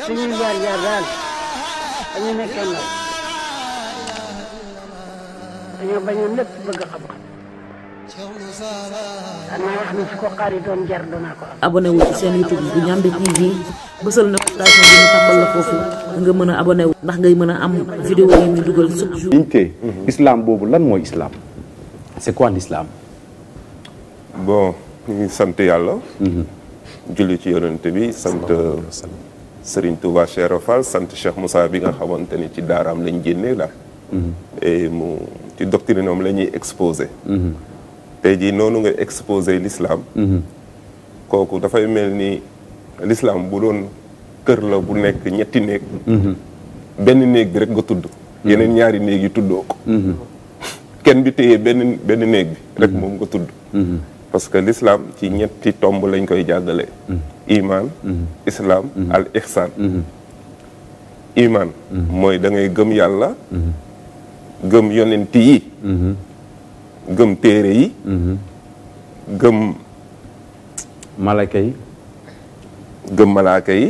Sehingga jalan Penyemekana Penyemekana Penyemekana abonné wu ci seen youtube bu ñambe tv na ñu la fofu nga mëna abonné wu ndax ngay mëna am vidéo yi ñu duggal chaque jour islam bobu lan moy islam c'est quoi l'islam bon ñu sante yalla julli ci bi sante Serigne Touba Cheikh Fall sant Cheikh Moussa bi nga xamante ni ci daaraam lañ génnee la mhm. et mu ci doctrine am la ñuy exposé mhm. tey jii noonu nga exposé l'islam mhm. kooku dafay mel ni l'islam bu doon kër la bu nekk ñetti néeg benn néeg bi rek nga tudd yeneen ñaari néeg yi tuddoo ko kenn bi téye benn benn néeg bi rek moom nga tudd parce que l'islam ci ñetti tomb lañ koy jàddale mm-hmm. iman mm-hmm. islam mm-hmm. al ihsan iman mooy da gëm yàlla gëm yonent yi gëm téere yi gëm malaka yi gëm malaaka yi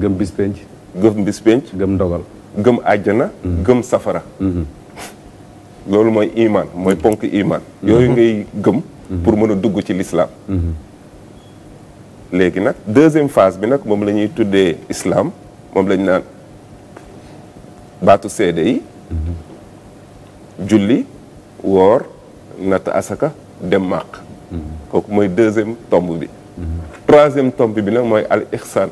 gëm bispenc gëm bispenc gëm ndogal gëm àjjana gëm safara loolu mooy iman mooy ponk iman yooyu ngay gëm pour mën a dugg ci lislaam léegi nag deuxième phase bi nag moom la ñuy tuddee islaam moom lañ naan baatu seede yi julli woor natt asaka dem màq kooku mooy deuxième tomb bi troisième tomb bi nag mooy al ixsaan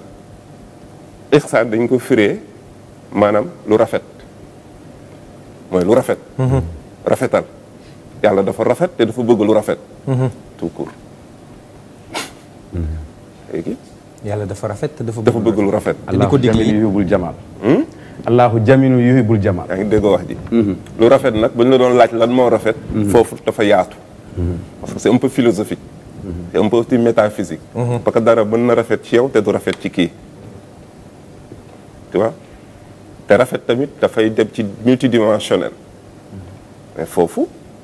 ixsaan dañ ko firee maanaam lu rafet mooy lu rafet mhm. rafetal yalla dafa rafet dafa bëgg lu tout court. yalla dafa rafet te dafa bëgg lu mhm. mhm. jaminu yuhibul hmm? mhm. lu la doon dafa yaatu. parce que c'est un peu philosophique. c'est un peu métaphysique. parce que dara mën na rafet ci yow du ci tu vois te rafet tamit dafay dem ci mais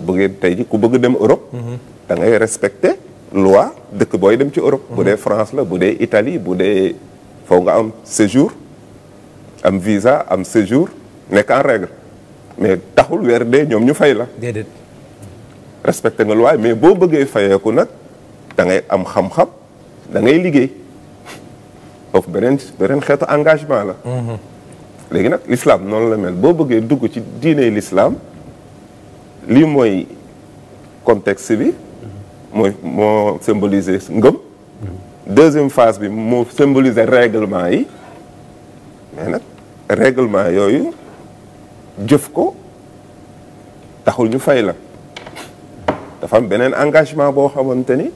bu ngeen tey ji ku bëgg dem Europe. da ngay respecter loi dëkk booy dem ci Europe. bu dee France la bu dee Italie bu dee faw nga am séjour am visa am séjour nekk en règle mais taxul weer dee ñoom ñu fay la. déedéet. respecté nga loi mais boo bëggee fayeeku nag da ngay am xam-xam da liggéey foofu beneen beneen xeetu engagement la. Mhm. léegi nag l'islam noonu la boo bëggee dugg ci diine l'islam li moy contexte bi moy mo symboliser ngam deuxième phase bi mo symboliser règlement yi mais nak règlement yoyu jëf ko taxul ñu fay la dafa am benen engagement bo xamanteni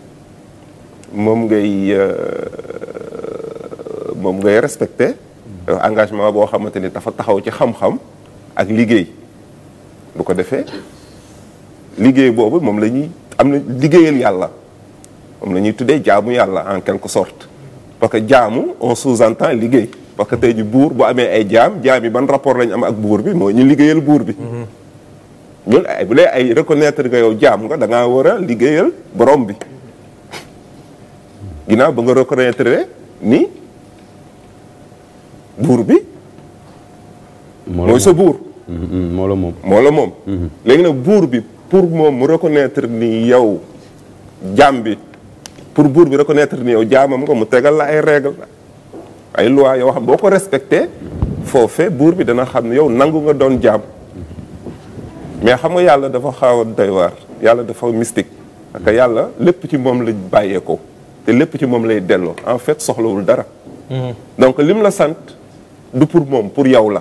mom ngay euh mom ngay respecter engagement bo xamanteni dafa taxaw ci xam-xam ak liggéey bu ko defee liggéey boobu moom la ñuy am na liggéeyal yàlla moom la ñuy tuddee jaamu yàlla en quelque sort parce que jaamu on sous-entend liggéey parce que tey ji buur bu amee ay jaam jaam yi ban rapport lañu am ak buur bi mooy ñu liggéeyal buur mhm. ay bu dee ay nga yow war a liggéeyal borom bi ginnaaw ba nga reconnaître bi mooy mhm, moo la moom moo la moom mhm. léegi buur bi pour moom mu reconnaître ni yow jaam bi pour buur bi reconnaître ni yow jaamam nga mu tegal la ay règle ay loi yoo xam boo ko respecté foofe buur bi dana xam ne yow nangu nga doon jaam mais xam nga yàlla dafa xaw a doy waar yàlla dafa mystique parce que yàlla lépp ci moom la bàyyeekoo te lépp ci moom lay delloo en fait soxlawul dara mm-hmm. donc lim la sant du pour moom pour yow la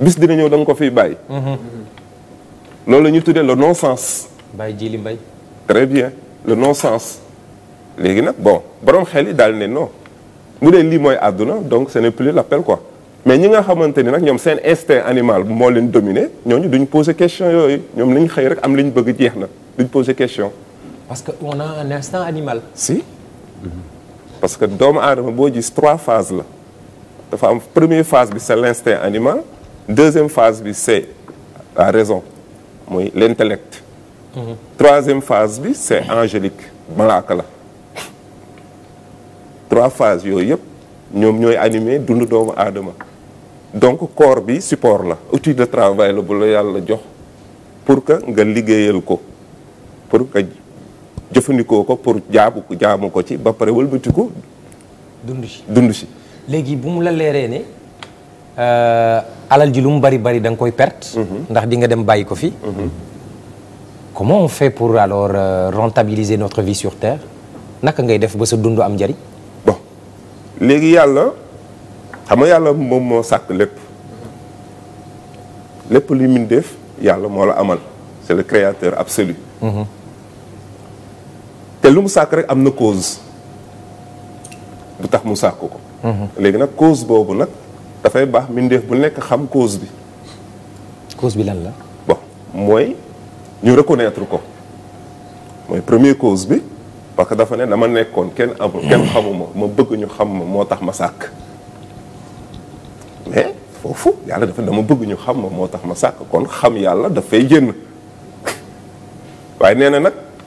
bis dina ñëw da nga ko fiy bàyyi. Mm-hmm. loolu la ñuy le non sens. bàyyi ji mbay. très bien le non sens. légui nak bon borom xel yi daal ne non mu dé li moy àdduna donc ce n'est plus l'appel quoi mais ñi nga xamante ni nag ñoom instinct animal mo leen dominé ñooñu duñ poser question yooyu ñom lañ xey rek am liñ bëgg jeex na duñ poser question. parce que on a un instinct animal. si parce que doomu aadama bo gis trois phases la dafa am première phase bi c'est l'instinct animal deuxième phase bi c'est la raison muy l'intellect. intellect mhm. troisième phase bi c'est angélique malaka la trois phases yooyu yëpp ñoom ñooy animé dund doomu adama donc corps bi support la outil de travail le bu yalla jox pour que nga liggéeyal ko pour que jëfandikoo ko pour jaabu jaamu ko ci ba pare wëlbatiku dund ci dund ci légui bu mu la léré né euh, alal ji lu mu bari bari dang perte. Mhm. Mhm. comment on fait pour alors euh, rentabiliser notre vie sur terre naka def ba sa dundu am bon legui yalla est yalla mom mo def c'est le créateur absolu. Mhm. te lu rek cause bu cause dafay bax mindeef bu nek xam cause bi. cause bi lan la. bon moy ñu reconnaître ko moy premier cause bi parce que dafa ne dama nekkoon ken amul ken xamuma ma bëgg ñu xam ma tax ma sak mais fofu yàlla dafa dama bëgg ñu xam ma tax ma sak kon xam yàlla dafay génn waaye nee na nag.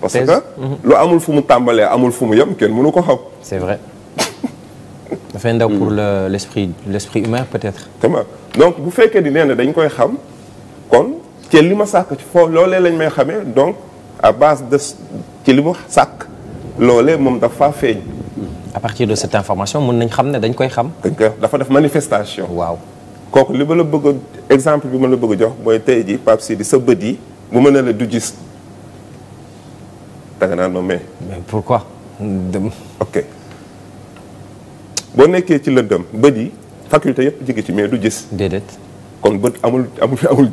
parce que mhm. lo amul fumu tambalé amul fumu yam ken kenn mënu ko xam. c'est vrai. dafay ndaw pour le l'esprit l'esprit humain peut-être. donc bu fekkee di nee dañ koy xam kon ci li ma sàkk ci foofu loolee lañ may xamé donc à base de ci li mu sàkk loolee moom dafa feeñ. à partir de cette information mën nañ xam ne dañ koy xam. dañ koy dafa def manifestation. waaw kooku li ma exemple bi ma la bëgg a jox mooy tey jii Pape Sidi sa bët yi bu mën du gis mais. pourquoi. ok Bonne qui est le bët Buddy, faculté yëpp mais du gis. kon amul amul amul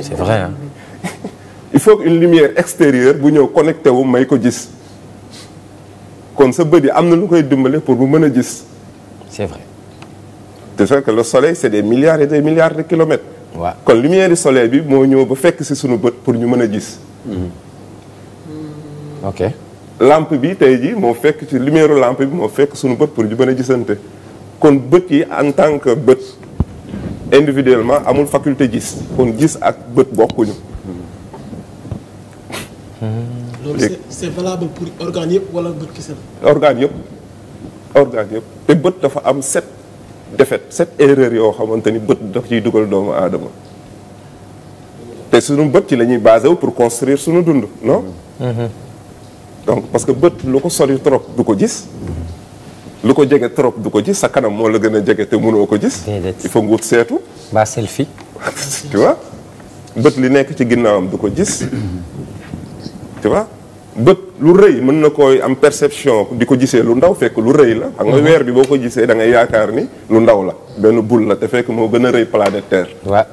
c'est vrai hein. il faut une lumière extérieure vous nous connecter wu may gis kon sa pour nous mener c'est vrai. C'est vrai que le soleil c'est des milliards et des milliards de kilomètres. quand la lumière du soleil bi moo fait que fekk ci sunu pour nous mener mm-hmm. ok lampe bi tey ji moo fekk ci lumière lampe bi moo fekk suñu bët pour ñu mën a gisante kon bët yi en tant que bët individuellement amul faculté gis kon gis ak bët bokkuñu. Hmm. organe yëpp wala bët kese organe yëpp organe yëpp te bët dafa am sept défaites sept erreurs yoo xamante ni bët daf ciy dugal doomu aadama te sunu bët ci lañuy ñuy wu pour construire suñu dund non. Hmm. Hmm. donc parce que bët lu ko sori trop du ko gis lu ko jege trop du ko gis sa kanam mo la gëna a jege te mënoo ko gis il faut nguut seetu ba selfie tu vois bët li nekk ci ginnawam du ko gis tu vois bët lu reuy mën na koy am perception diko ko lu ndaw fekk lu reuy la xam nga mhm. weer bi boko ko da ngay yaakaar ni lu ndaw la benn boule la te fekk mo gëna reuy rëy planète Terre waaw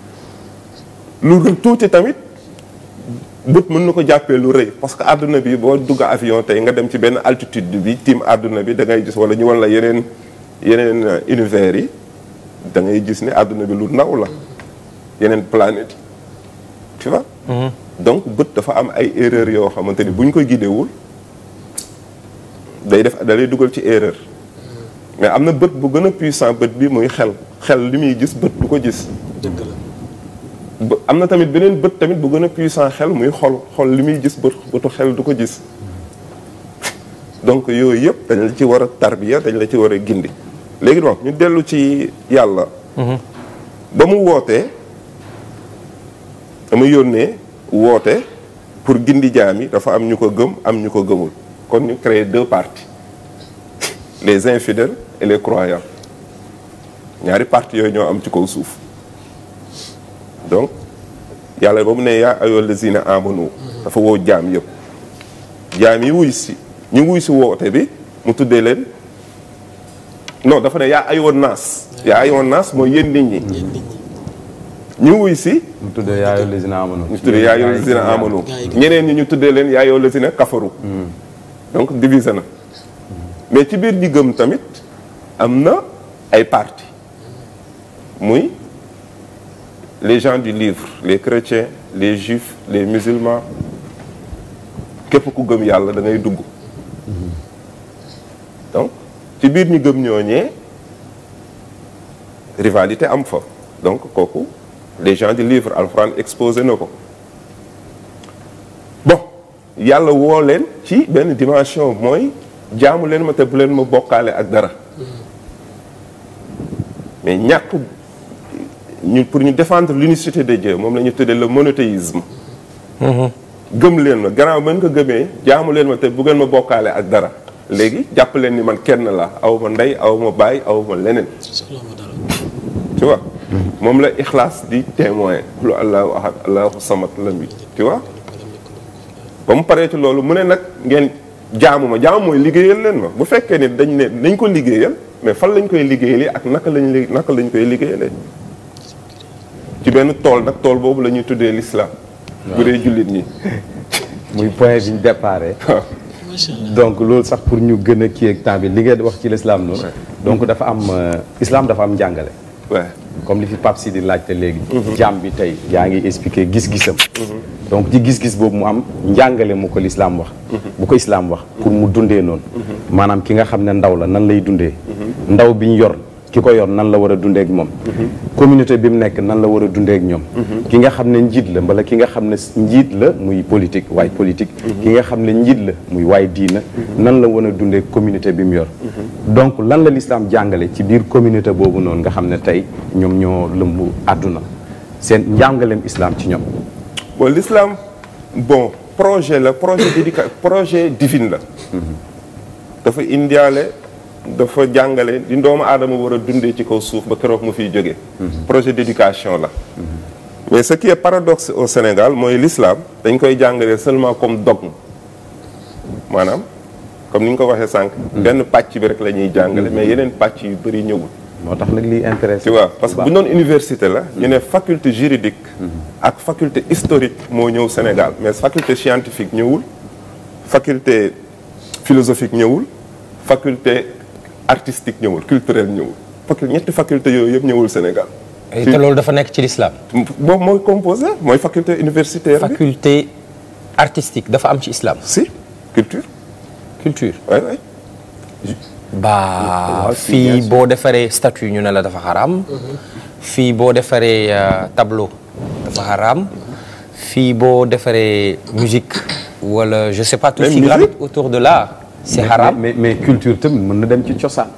lu tuuti tamit bët mën na ko jàppee lu rëy parce que àdduna bi boo dugg avion tey nga dem ci benn altitude bi tiim àdduna bi da ngay gis wala ñu wan la yeneen yeneen euh, univers yi da ngay gis ne àdduna bi lu naw la yeneen planète tu mm-hmm. donc bët dafa am ay erreur yoo xamante ni bu ñu ko gidewul day def da lay dugal ci erreur mais am na bët bu gën a puissant bët bi muy xel xel li muy gis bët du ko gis dëgg amna tamit benen beut tamit bu puissant xel muy xol xol limuy gis xel gis donc yooyu dañ la ci dañ la ci wara gindi ñu ci mhm. ba mu dama pour gindi jami dafa am ñuko gëm am ñuko gëmul kon ñu deux parties les infidèles et les croyants ñaari parties yoy ñoo am ci ko suuf donc yàlla ba mu ne yaa ayool lazina amanu dafa woo jaam yëpp jaam yi wuy si ñu wuy si woote bi mu tuddee leen non dafa ne yaa ayoon naas yaa ayoon naas mooy yéen nit ñi ñu wuy si mu tuddee yaa ayool lazina amanu ñu tuddee yaa ayool lazina ñeneen ñi ñu tuddee leen yaa ayool lazina kafaru hmm. donc divisé na mais ci biir ñi gëm tamit am na ay parti muy les gens du livre les chrétiens les juifs les musulmans qu'est-ce gëm à da ngay dugg donc ci biir ñu gëm ñooñee rivalité am donc beaucoup, les gens du livre vont exposer nos ko bon il y le woo qui, ci une dimension mooy jaamu leen ma te bu leen de bokkaale ak dara mm-hmm. mais tout. ñu pour ñu défendre l'unicité de Dieu moom la ñu tuddee le monothéisme gëm leen ma garaaw mën ko gëmee jaamu leen ma te bu ngeen ma bokkaale ak dara léegi jàpp leen ni man kenn la aw ma ndey aw ma baay aw ma leneen tu vois moom la ixlaas di témoin lu allahu ahad allahu samad la bi tu ba mu paree ti loolu mu ne nag ngeen jaamu ma jaamu mooy liggéeyal leen ma bu fekkee ne dañ ne nañ ko liggéeyal mais fan lañ koy liggéeyal ak naka lañ naka lañ koy liggéeyalee ci benn tol, nak tol bobu la ñuy tuddee l'islam bu dé julit ñi muy point yi ñu départ donc lool sax pour ñu gëna ki ak temps bi li ngeen wax ci l'islam non. donc dafa am euh, islam dafa am jangalé. njàngale comme li fi Pape Sidi laajte légui. Mhm. jaam bi tay ya ngi expliquer gis-gisam mhm. donc ci gis-gis bobu mu am njàngale mu ko l'islam wax mhm. bu ko islam wax pour mu dundé non. Manam ki nga xamné ndaw la nan lay dundé. ndaw bi ñu yor ki ko yor nan la war a dundee moom mhm. communauté bi mu nekk nan la war a dundee ñoom mhm. ki nga xam ne njiit la mbala ki nga xam ne njiit la muy politique waaye politique mhm. ki nga xam ne njiit la muy waay diina nan la war a dundee communauté bi mu yor donc lan la lislaam jàngale ci biir communauté boobu noonu nga xam ne tey ñoom ñoo lëmb àdduna seen njàngaleem islam ci ñoom bon l'islam bon projet la projet d'éducation projet divin la dafa indiaale dafa jangale di doomu aadama wara dundé ci kaw souf ba kérok mu le mhm. projet d'éducation la mais ce qui est paradoxe au Sénégal moy l'islam dañ koy jangalé seulement comme dogme manam comme niñ ko waxé sank mhm. benn patch bi rek la ñuy jàngale mhm. mais yeneen patch yu bari ñëwul motax nak li intéressé tu vois parce que bu université la ñu faculté juridique ak faculté historique mo ñëw Sénégal mais faculté scientifique ñëwul faculté philosophique ñëwul faculté artistique ñëwul culturel y a ñetti faculté yooyu yëpp ñëwul Sénégal te loolu dafa nekk ci l'islam boobu moi composé moi faculté universitaire faculté artistique dafa am ci islam si culture culture ouais ouais ba fii boo defaree statue ñu ne la dafa xaraam mhm. fii boo defaree euh, tableau dafa haram fii boo defaree musique wala je sais pas tout ce qui gravite autour de l'art c'est haram. mais mais culture tu mën na dem ci ça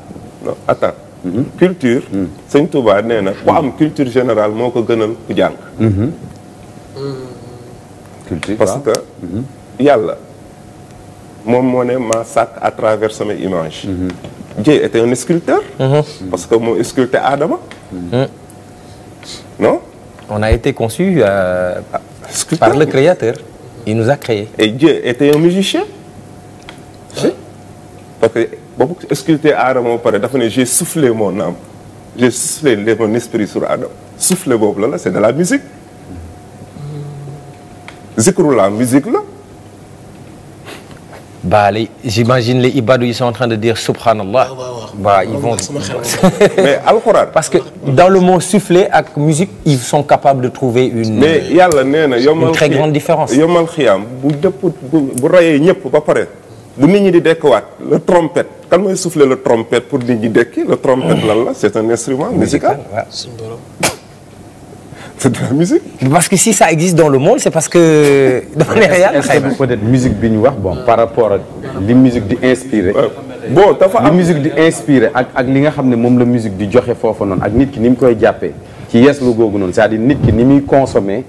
non attends. Hmm? culture. c'est hmm. une nee na une culture générale moo gënal ku hmm. culture parce que. yàlla mon moo ne ma sac à travers mes images. Dieu était un sculpteur. parce que mon sculpté Adam. non. on a été conçu euh, ah, par le Créateur. il nous a créé. et Dieu était un musicien parce que boobu sculpté mon j'ai soufflé mon âme j'ai soufflé mon esprit sur Adam Souffler, là c'est de la musique Zikrou, la musique là Bah, j'imagine les ibadou, ils sont en train de dire subhanallah. Bah, ils vont... Parce que dans le mot souffler avec musique, ils sont capables de trouver une, Mais, une, très grande différence. Yomal Khiyam, vous avez du nit di le trompette Quand mooy souffler le trompette pour nit ñi le trompette là là, c'est un instrument musical c'est de la musique. parce que si ça existe dans le monde c'est parce que dafa neex yàlla xayma. peut-être musique bi wax bon par rapport à li musique di inspiré. bon dafa am li musique d'inspirer. inspiré ak ak li nga xam la musique di joxe foofu noonu ak nit ki ni mu koy jàppee ci yeeslu googu c'est-à-dire nit ki ni muy consommer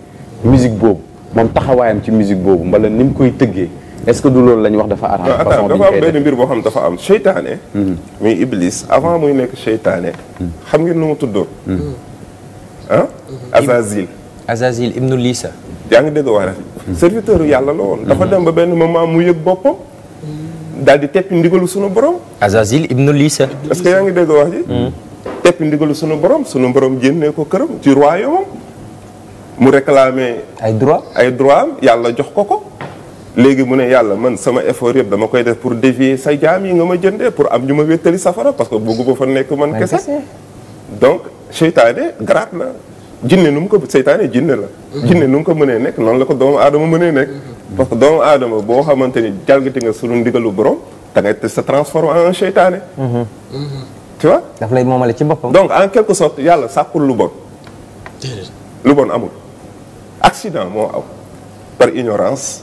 musique boobu moom taxawaayam ci musique bob. mbala ni mu koy tëggee. est-ce que du loolu la ñu wax dafa araam. façon dafa am benn mbir boo xam dafa am seytaane. muy iblis avant muy nekk seytaane. xam ngeen nu mu tuddoon. ah. Azazil. Azazil ibnu Lisa. yaa ngi dégg waa serviteur yàlla la woon. dafa dem ba benn moment mu yëg boppam. daal di teppi ndigalu sunu borom. Azazil ibnu Lisa. est-ce que yaa ngi dégg wax ji. teppi ndigalu sunu borom sunu borom génnee ko këram. ci royaume mu réclamer. ay droit ay droit yàlla jox ko ko. léegi mune yalla man sama effort yeb dama koy def pour dévier sa jami nga ma jëndé pour am ñuma wétali safara parce que bëgguma fa nek man kessé donc seytaane garaat la jinné num ko seytaane jinné la mhm. jinné num ko mëne nek non la ko doom aadama mëne nek mhm. parce que doom aadama bo xamanteni dalgati jalgati nga sunu ndigalu borom da ngay te sa transforme en un mhm. tu vois daf lay momalé ci bopam donc en quelque sorte yàlla sàkkul lu bon lu bon amul accident mo par ignorance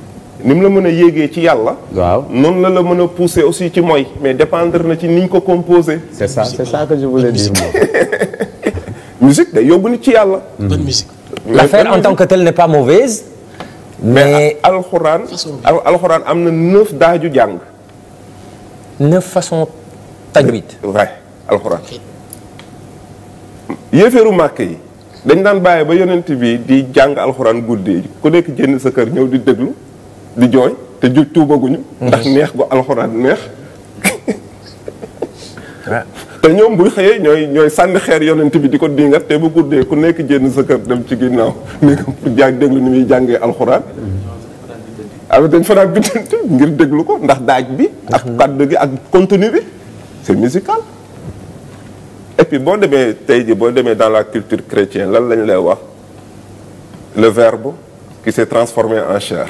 ni mu la mën a ci yalla waaw la la mën pousser aussi ci moy mais dépendre na ci niñ ko composer c'est ça c'est ça que je voulais dire musique day yobuni ci yalla bonne mm-hmm. musique. l'affaire en tant que telle n'est pas mauvaise. mais alcorane alcorane amna na neuf daaju jang neuf façons tajwid. Vrai, alcorane yéeféeru màkk yi. dañ dan baye ba yonent bi di jang alcorane goudé ku nek jenn sa kër ñëw di déglu di joy te ju tuubaguñu ndax neex gu alxuraan neex te ñoom buy xëyee ñooy ñooy sànni xeer yonent bi di ko dingat te bu guddee ku nekk jenn sa kër dem ci ginnaaw nekk pour jàng déglu ni muy jàngee alxuraan awa dañ fa daan biddante ngir déglu ko ndax daaj bi ak mm-hmm. kàddu gi ak contenu bi c'est musical et puis boo demee tey ji boo demee dans la culture chrétienne lan lañ lay wax le verbe qui s'est transformé en chair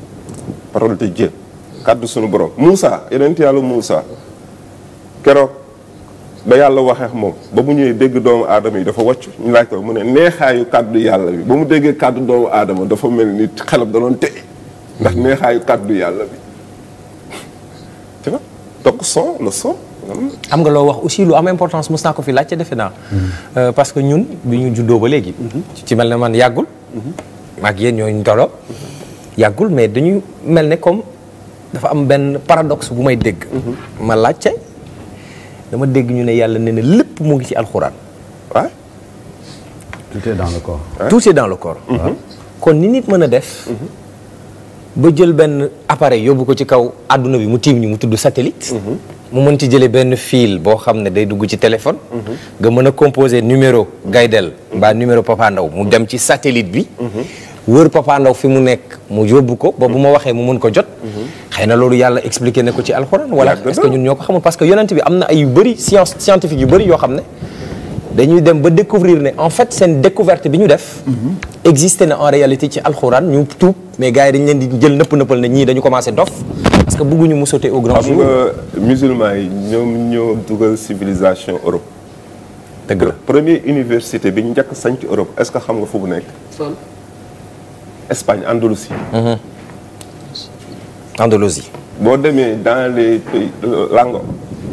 parole te Dieu kàddu sunu borom Moussa yonent yàlla Moussa keroog ba yàlla waxeex moom ba mu ñëwee dégg doomu aadama yi dafa wàcc ñu laaj ko mu ne neexaayu kàddu yàlla bi ba mu déggee kàddu doomu aadama dafa mel ni xelam da doon tey ndax kàddu yàlla bi tu vois donc son le son am nga loo wax aussi lu am importance mos naa ko fi laajte defe naa. Euh, parce que ñun bi ñu juddoo ba léegi. Mhm. ci mel ne man yàggul. Mhm. ak yéen ñooñu tolloo. yàggul mais dañu mel ne comme dafa am benn paradox bu may dégg. Mhm. ma laajte dama dégg ñu ne yàlla nee na lépp mu ngi ci alxuraan ah. tout est dans le corps. Ah? tout est dans le corps. Mhm. Ah. kon ni nit mën a def. Mhm. ba jël benn appareil yóbbu ko ci kaw àdduna bi mu tiim ñu mu tudd satellite. mu mën ci jëlee benn fil boo xam ne day dugg ci téléphone. nga mën a composé numéro Gaydel mbaa numéro Papa Ndaw mu dem ci satellite bi. wër Papa Ndaw fi mu mu ko est-ce que ñun parce que bi ay science scientifique yu découvrir en fait seen découverte bi ñu def mhm. en réalité ci alxuraan ñu tuub mais gars yi dañ leen di jël nëpp nëppal ne ñii dañu commencé dof parce que vous mu au grand jour Musulmans civilisation Europe dëgg premier université bi ñu njëkk est-ce que xam nga fu mu nekk Espagne Andalousie. Mhm. Andalousie. bon demee dans les pays langues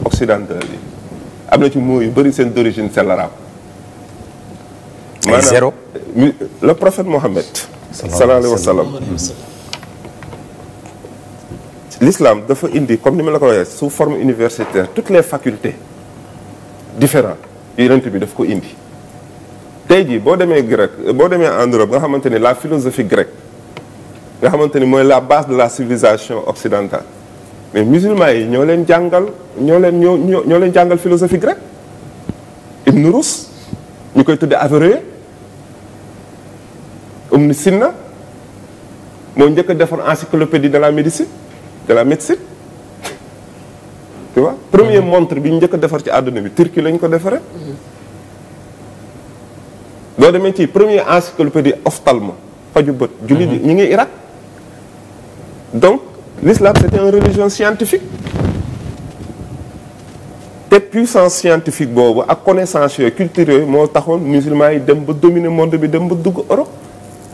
occidentales yi am na ci mots yu bëri d'origine c'est l'arabe. mais zéro. Euh, le prophète Mohammed. sallallahu alayhi wa sallam. l'islam indi comme ni le la ko sous forme universitaire toutes les facultés différentes ils bi daf ko indi. tey jii boo demee grec boo demee en Europe nga xamante ni la philosophie grecque nga xamante ni mooy la base de la civilisation occidentale mais musulmans yi ñoo leen jàngal ñoo leen ñoo ñoo leen jàngal philosophie grecque Ibn Rus ñu koy tuddee Averroès Ibn Sina moo njëkk a defar encyclopédie de la médecine de la médecine tu premier mhm. montre bi ñu njëkk defar ci àdduna bi Turquie lañ ko defaree. Mhm. doo le ci premier encyclopédie ophtalmo faju bët julli di mhm. ñu ngi Irak donc l'islam c'était une religion scientifique te puissance scientifique bobo, ak connaissance culturelle, mon yooyu musulman yi dem ba dominer monde bi dem ba dugg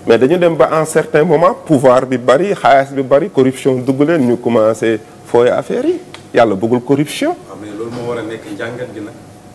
mais dañu dem ba en certain moment pouvoir bi bari xaalis bi bari corruption dugg nous ñu commencé fooy affaire yi yàlla bëggul corruption. Ah, mais a jàngat gi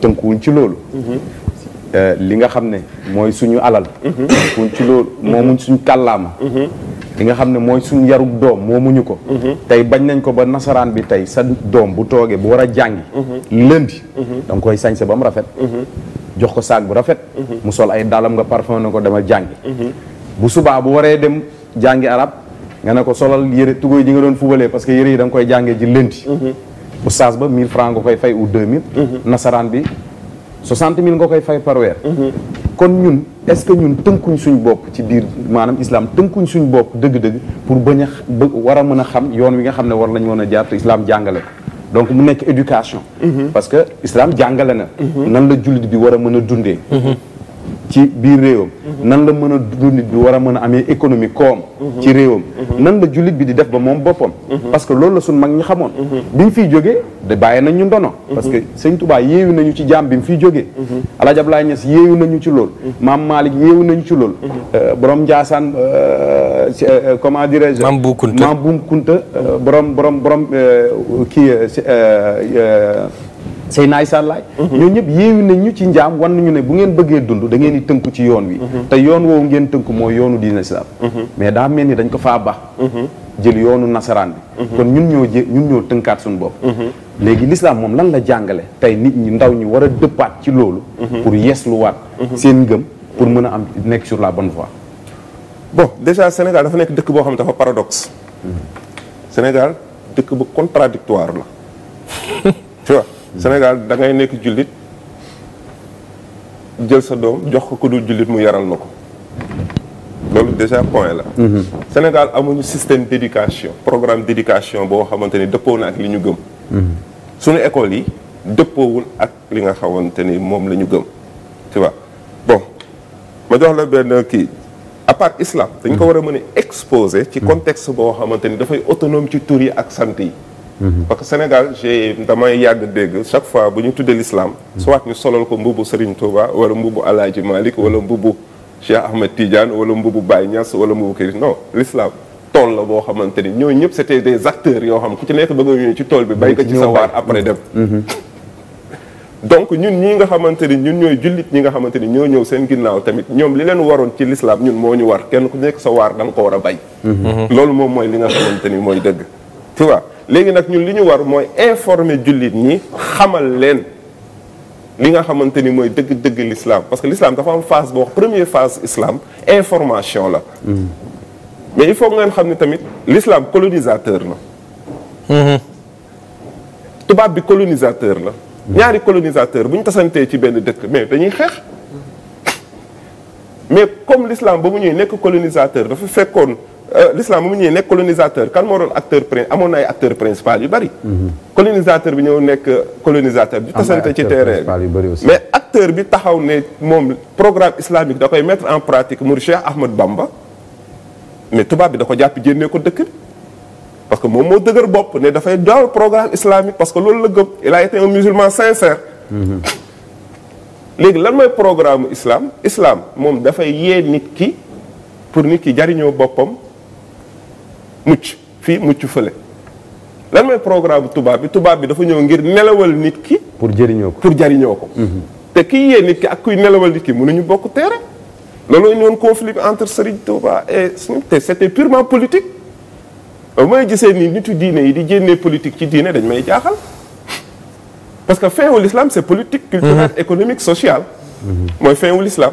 tënkuwuñ ci mhm. euh li nga moy suñu alal mhm. tënkuwuñ ci loolu moomuñ suñu hmm li nga xam moy mooy suñu yarug doom moomuñu ko mhm. tay bañ nañ ko ba nasaraan bi tay sa dom bu toge bu wara hmm lendi hmm dang koy sañse bam rafet rafet jox ko bu rafet mu sol ay dalam nga parfum nako dama demal hmm bu suba bu waré dem jangi arab nga nako solal yere tugoy ji nga don fubalee parce que yere yi dang koy jangé ji hmm oustaz ba 1000 francs nga koy fay ou 2000. Mhm. nasaraan bi 60 000 nga koy fay par weer. Mhm. kon ñun est-ce que ñun tënkuñ suñ bopp ci biir maanaam islam tënkuñ suñ bopp dëgg-dëgg pour bañ war a mën a xam yoon wi nga xam ne war lañ mën a jaar te islam jàngale ko donc mu nekk éducation. Mhm. parce que islam jàngale na. nan la jullit bi war a mën a dundee. ci biir réewam nan la mën a jullit bi war a mën a amee économie koom ci réewam nan la jullit bi di def ba moom boppam parce que loolu la suñ mag ñi xamoon bi ñu fiy jógee da bàyyi nañ ñu ndono parce que sëñ Touba yéewu nañu ci jaam bi mu fiy jógee Alaaji Ablaay Ñas yéewu nañu ci lool maam Malick yéewu nañu ci lool euh, borom Njaasaan euh, euh, comment dirais-je maam Bu Kunta maam Bu Kunta borom borom borom kii say naay sàllaay ñoo ñëpp yéewi nañ ñu ci njaam wan nañu ne bu ngeen bëggee dund da ngeen di tënku ci yoon wi mm-hmm. te yoon woowu ngeen tënku mooy yoonu diina islam mm-hmm. mais daa mel ni dañ ko faa bax mm-hmm. jël yoonu nasaraan bi kon ñun ñoo jé ñun ñoo tënkaat suñu bopp léegi l'islam moom lan la jàngale tey nit ñi ndaw ñi war a dëppaat ci loolu pour yeesluwaat seen ngëm pour mën a am nekk sur la bonne voie bon déjà Sénégal dafa nekk dëkk boo xam ne dafa paradoxe Sénégal dëkk bu contradictoire la Sénégal da ngay nekk jullit jël sa doom jox ko ku dul jullit mu yaral na ko loolu déjà point la mhm. Sénégal amuñu système d'éducation programme d'éducation boo xamante ni dëppoo na ak li ñu gëm mhm. suñu école yi dëppoowul ak li nga xamante ni moom la ñu gëm tu vois bon ma jox la benn kii à part islam dañ ko mhm. war a mën exposé exposer ci contexte boo xamante ni dafay autonome ci tur yi ak sant yi Mhm. parce que Sénégal j'ai damay yàgg dégg chaque fois bu ñu tuddee l'islam mhm. soit ñu solal ko mbubu Serigne Touba wala mbubu Alaaji Malick wala mbubu Cheikh Ahmed Tidiane wala mbubu baay Niass wala mbubu Kiri non l'islam tool la boo xamante ni ñooñu ñëpp c'était des acteurs yoo xam ku ci nekk bëgg nga ñëw ci tool bi bay ko ci sa waar après dem mhm. donc ñun ñi nga xamante ni ñun ñooy jullit ñi nga xamante ni ñoo ñëw seen ginnaaw tamit ñoom li leen waroon ci l'islam ñun moo ñu war kenn ku nekk sa waar da ko war a bay loolu moom mooy li nga xamante ni mooy dëgg légui nak ñun liñu war moy informer julit ñi xamal leen li nga xamanteni moy deug deug l'islam parce que l'islam dafa am phase bo wax première phase islam information la hmm. mais il faut ngeen xamni tamit l'islam colonisateur la hmm. tubaab bi colonisateur la hmm. ñaari colonisateur bu ñu ci benn dëkk mais dañuy xex mais comme l'islam ba mu ñëw nek colonisateur dafa fekkone Euh, l'islam moom ñëwee nekk colonisateur kan moo doon acteur prin amoon na ay acteur principal yu bari mhm. colonisateur bi ñëw nekk euh, colonisateur bi tasante ci terrain bi mais acteur bi taxaw ne moom programme islamique da koy mettre en pratique mu Cheikh Ahmed Bamba mais tubaab bi da ko jàpp jénnee ko dëkk parce que moom moo dëgër bopp ne dafay daaw programme islamique parce que loolu la gëm il a été un musulman sincère mhm. léegi lan mooy programme islaam islaam moom dafay yee nit ki pour nit ki jariñoo boppam mucc fii mucc fële lan mooy programme tubaab bi tubaab bi dafa ñëw ngir nelawal nit ki. pour jëriñoo ko pour jëriñoo ko. Mhm. te kii yee nit ki ak kuy nelawal nit ki mun mënuñu bokk teere. loolu ñu woon conflit bi entre Serigne Touba et Sëñ te c' était purement politique mooy may gisee ni nitu diine yi di génnee politique ci diine dañ may jaaxal parce que fin wu l'islam c' est politique. Mhm. économique social mhm. mooy fin wu l'islam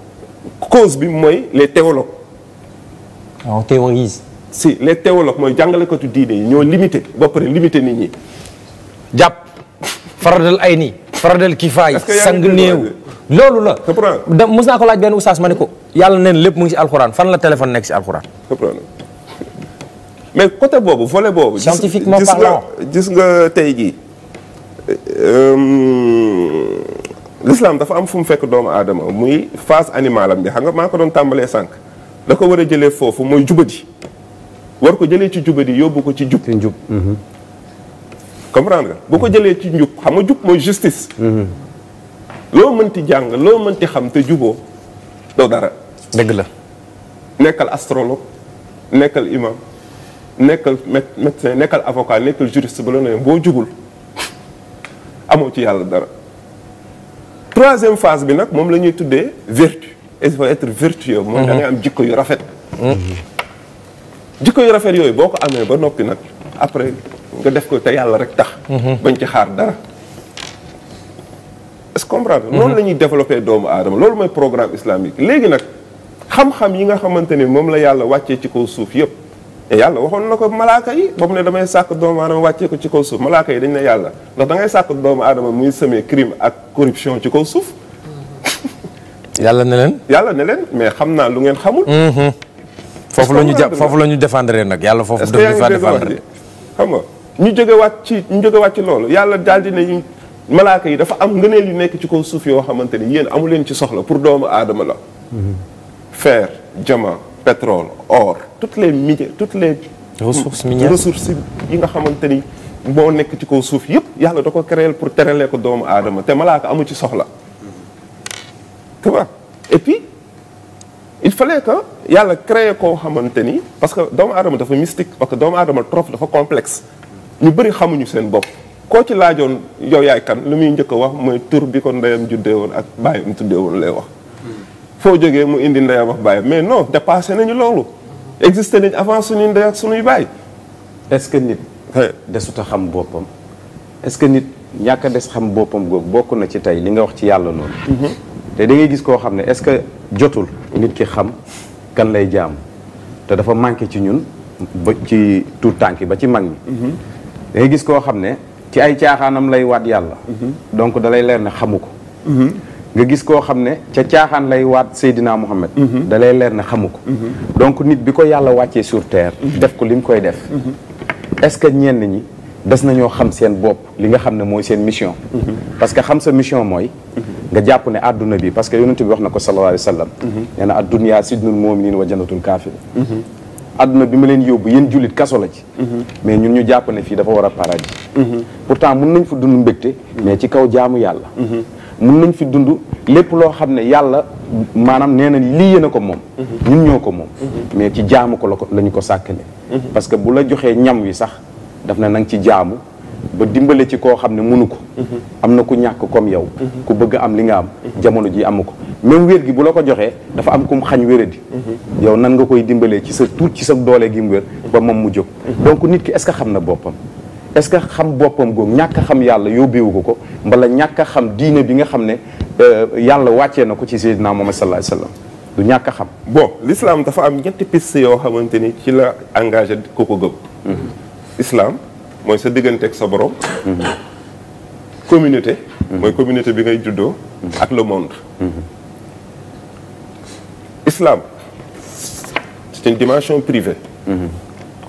cause bi mu mooy les théologues. on théorise. les théologues mooy jàngalekatu diine yi ñoo limité ba pare limité nit ñi. jàpp faradal ay nii. faradal kifaay sang néew loolu la. da naa ko laaj benn oustaz ma ne ko. yàlla neen lépp mu ngi si alxuraan fan la téléphone nekk si alxuraan. mais côté boobu volet boobu. scientifiquement parlant gis gis nga tey jii. Euh, l'islam dafa am fu mu fekk doomu aadama muy phase animalam bi xam nga maa ko doon tàmbalee sànq da ko war a jëlee foofu mooy jubadi war ko jëlee ci jubadi yóbbu ko ci jub ci mhm. bu ko jëlee ci njub xam nga jub mooy justice mhm. loo mënti jàng loo mënti xam te juboo doo dara dëgg la nekkal astrologue nekkal imam nekkal médecin nekkal avocat nekkal jurist ba la ne boo jubul amoo ci yàlla dara troisième phase bi nag moom la ñuy tuddee vertu il faut être vertueux moom da ngay am jikko yu rafet jikko yu rafet yooyu boo ko amee ba noppi nag après nga def ko te yàlla rek tax bañ ci xaar dara est-ce comprendre la ñuy développé doomu aadama loolu mooy programme islamique léegi nag xam-xam yi nga xamante ni moom la yàlla wàccee ci kow suuf yëpp Eh, yàlla waxoon la ko malaaka yi ba ne damay sàkk doomu aadama wàccee ko ci kaw suuf malaaka yi dañ ne yàlla ndax da doomu aadama muy semé crime ak corruption ci kaw suuf yàlla ne leen yàlla ne leen mais xam naa lu ngeen xamul mm-hmm. foofu la ñu jàpp foofu la ñu défendre nag yàlla foofu dafa défendre xam nga ñu jóge ci ñu jóge ci loolu yàlla daal di ne malaaka yi dafa am ngëneel yu nekk ci kaw suuf yoo xamante ni yéen amu leen ci soxla pour doomu aadama la mm-hmm. fer diamant pétrole or toutes les toutes les. ressources minières ressources yi nga xamante ni boo ci ko souf yep yalla da ko créer pour teralee ko codes adama té malaka amu ci soxla. tu vois et puis il fallait que yalla créer ko xamanteni ni parce que doomu aadama dafa mystique parce que doomu adama trop dafa complexe. ñu bëri xamuñu seen bop ko ci laajoon yow yaay kan lu muy njëkk wax moy tour bi ko ndeyam juddee won ak bàyyam tuddé won lay wax. foo jógee mu indi ndeyam ak baay mais non dépassé nañu loolu existé nañ avant suñuy ndey ak suñuy baay. est-ce que nit. desut a xam boppam. est-ce que nit ñàkk des xam boppam googu bokk na ci tey li nga wax ci yàlla noonu. Mhm. te da ngay gis koo xam ne est-ce que jotul. nit ki xam kan lay jaam te dafa manqué ci ñun ba ci tuut tànk ba ci mag ñi. Mhm. da gis koo xam ne ci ay caaxaanam lay waat yàlla. Mhm. donc dalay leer ne xamu ko. nga gis koo xam ne ca caaxaan lay waat Seydina Muhammad mhm. da lay leer ne xamu ko mhm. donc nit bi ko yàlla wàccee sur terre mhm. def ko li mu koy def est-ce que ñenn ñi des nañoo xam seen bopp li nga xam ne mooy seen mission parce que xam sa mission mooy nga jàpp ne àdduna bi parce que yonent bi wax na ko sallallahu alayhi wa sallam nee na addunya sijnul mu'minin wa jannatul kaafir àdduna bi ma leen yóbbu yéen jullit kaso la ci mais ñun ñu jàpp ne fii dafa war a paradis pourtant mën nañ fa dund mbégte mais ci kaw jaamu yàlla mun nañ fi dund lépp loo xam ne yàlla maanaam nee na lii yéen a ko moom mhm. ñun ñoo ko moom mhm. mais ci jaamu ko la ko la ñu ko sàkkale mhm. parce que bu la joxee ñam wi sax daf na nang ci jaamu ba dimbalee ci koo xam ne munu ko am na ku ñàkk comme yow ku bëgg am li nga am jamono ji amu ko même wér gi bu la ko joxee dafa am kum xañ wéradi yow nan nga koy dimbalee ci sa tuut ci sa doole gi mu wér ba moom mu jóg donc nit ki est-ce que xam na boppam est-ce que xam boppam googu ñàkk xam yàlla yóbbeewu ko ko mbala ñàkk xam diine bi nga xam ne euh, yàlla wàccee na ko ci Seydina Muhammad sallallahu alayhi wasallam du ñàkk a xam. bon l'islam dafa am ñetti piste yoo xamante ni ci la engagé ku ko gëm. Mm-hmm. islam mooy sa diggante ak sa borom. Mm-hmm. communauté. Mm-hmm. mooy communauté bi ngay juddoo. ak le monde. islam c'est une dimension privée.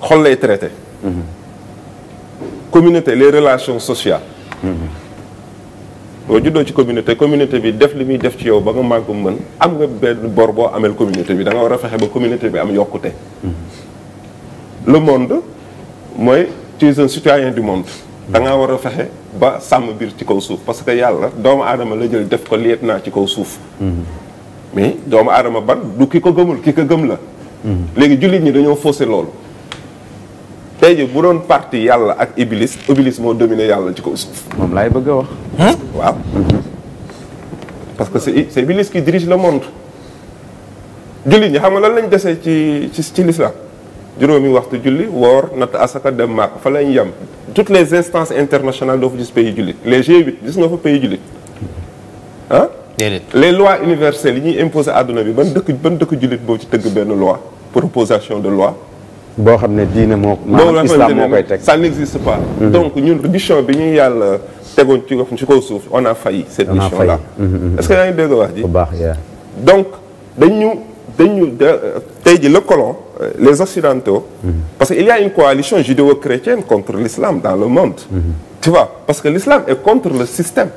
xol lay traité. communauté les relations sociales. boo dans ci communauté communauté bi def li muy def ci yow ba nga màgg mën am nga bor amel communauté bi da nga war a ba communauté bi am yokkute. le monde moi, tu es un citoyen du monde. da nga war a ba sam bir ci kaw souf parce que yàlla doomu adama la jël def ko lietna naa ci kaw suuf. mais doomu adama ban du ki ko gëmul ki ko gëm la. Hmm. légui jullit ñi dañoo faussé loolu tey bu doon parti yalla ak iblis iblis mo dominé yalla ci ko suuf. moom laay bëgg a hein? waaw. Mm-hmm. parce que c'est c'est iblis qui dirige le monde. julli ñi xam nga lan lañ là. ci ci ci l'islam juróomi waxtu julli wor nat asaka dem maak fa lañ yam toutes les instances internationales doivent fa du pays les G8 gis nga fa pays jullit hein les lois universelles yi ñuy imposer de bi ban dëkk ban dëkk jullit bo ci tëgg ben loi proposition de loi islam ça n'existe pas mhm. donc ñun mission bi ñu on a failli cette mission là mhm, mhm, est-ce que y a une wax de donc dañu dañu le colon euh, les occidentaux parce qu'il y a une coalition judéo-chrétienne contre l'islam dans le monde tu vois parce que l'islam est contre le système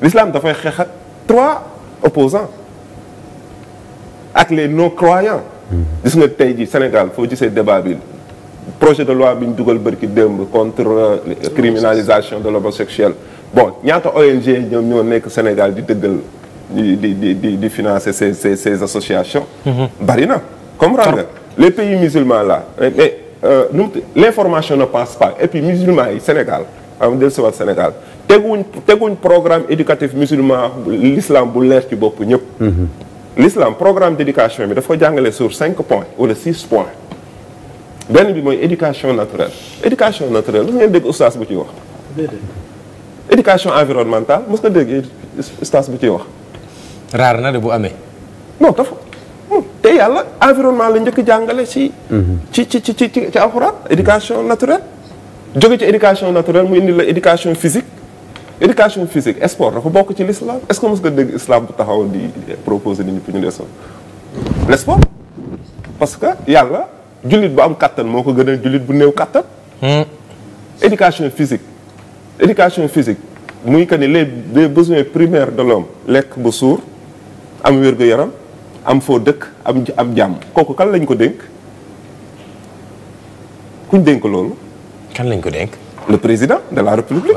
l'islam doit faire trois opposants Avec les non-croyants gis nga tey ji Sénégal foo gisee débat bi projet de loi bi ñu dugal bërki démb contre euh, criminalisation de l'homosexuel bon ñaata ONG ñoom ñoo nekk Sénégal di dëggal di di di di financer ces ces ces associations. Mm-hmm. bari na comprendre nga les pays musulmans là eh, mais euh, nu l'information ne passe pas et puis musulmans yi Sénégal am ah, del siwat Sénégal teguñ teguñ programme éducatif musulman l'islam bu leer ci bopp ñëpp mm-hmm. l'islam programme d'éducation bi daf ko jàngale sur cinq points wala six points benn bi mooy éducation naturelle éducation naturelle lu ngeen dégg ustaas bu ciy wax éducation environnementale mos nga dégg ustaas bu ciy wax raar na de bu amee non dafa hmm, te yàlla environnement la njëkk jàngale ci mhm. ci ci ci ci ci alxuraan éducation naturelle jóge ci éducation mu indi la éducation physique éducation physique sport dafa bokk ci l'islam est-ce que mos nga dégg islam bu taxaw di proposer nit ñi pour ñu leesoon le sport parce que yàlla jullit bu am kattan moo ko gënal jullit bu néew kattan. Hmm. éducation physique éducation physique muy que ni les les besoins primaires de l'homme lekk bu suur am wér yaram am foo dëkk am am jàmm kooku kan lañ ko dénk kuñ dénk loolu. kan lañ ko dénk. le président de la république.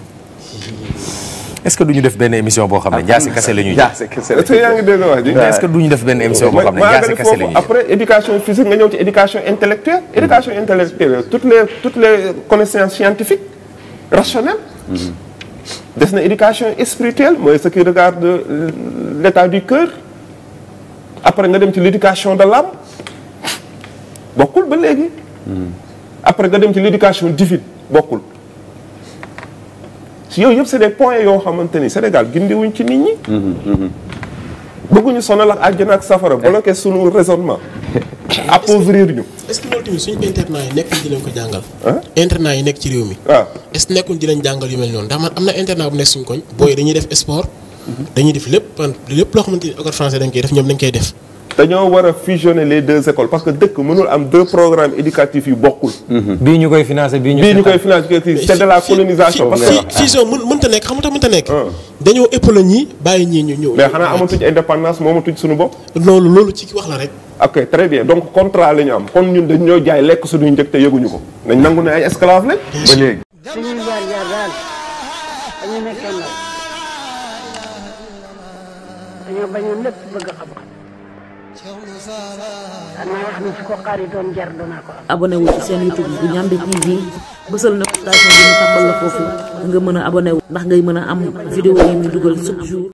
est-ce que nous devons faire une émission pour ah, la est-ce que nous devons faire une émission la après éducation physique nous avons éducation intellectuelle mm-hmm. éducation intellectuelle toutes les connaissances scientifiques rationnelles l'éducation mm-hmm. na éducation spirituelle moi ce qui regarde l'état du cœur après nous avons l'éducation de l'âme beaucoup de mm-hmm. après nga dem l'éducation divine beaucoup. yooyu yëpp c'est des points yoo xamante ni Sénégal gindiwuñ ci nit ñi. bëgguñu sonal ak àjjana ak safara bloqué sunu raisonnement. appauvrir ñu. est-ce que loolu tamit suñu internat yi nekkul dinañ ko jàngal. internat yi nekk ci réew mi. waaw ah. est-ce que nekkul dinañ jàngal yu mel noonu ndax man am na internat bu nekk suñu koñ. booy dañuy def sport. Mhm. dañuy def lépp lépp loo xamante ni école français dañ koy def ñoom dañ koy def. dañoo war a fusionner les deux écoles parce que dëkk mënul am deux programmes éducatifs yu bokkul. Mhm. bii ñu koy financé bii ñu. ñu koy financé c'est de ah. dañoo épaulé ñii bàyyi ñii ñu ñëw. mais xanaa amatuñ indépendance moomatuñ suñu bopp. loolu loolu ci wax la rek. ok très bien donc contrat la ñu am kon ñun dañ ñoo jaay lekk suñuy njëg te yëguñu ko nañ nangu ne ay esclave lañ. ba léegi. xanaa wax na su ko xari doon seen YouTube bu Ndiamé TV bësal notification bi ñu tàmbal nga mën a abonné wu. ndax ngay mën a am vidéo yi ñu dugal chaque jour.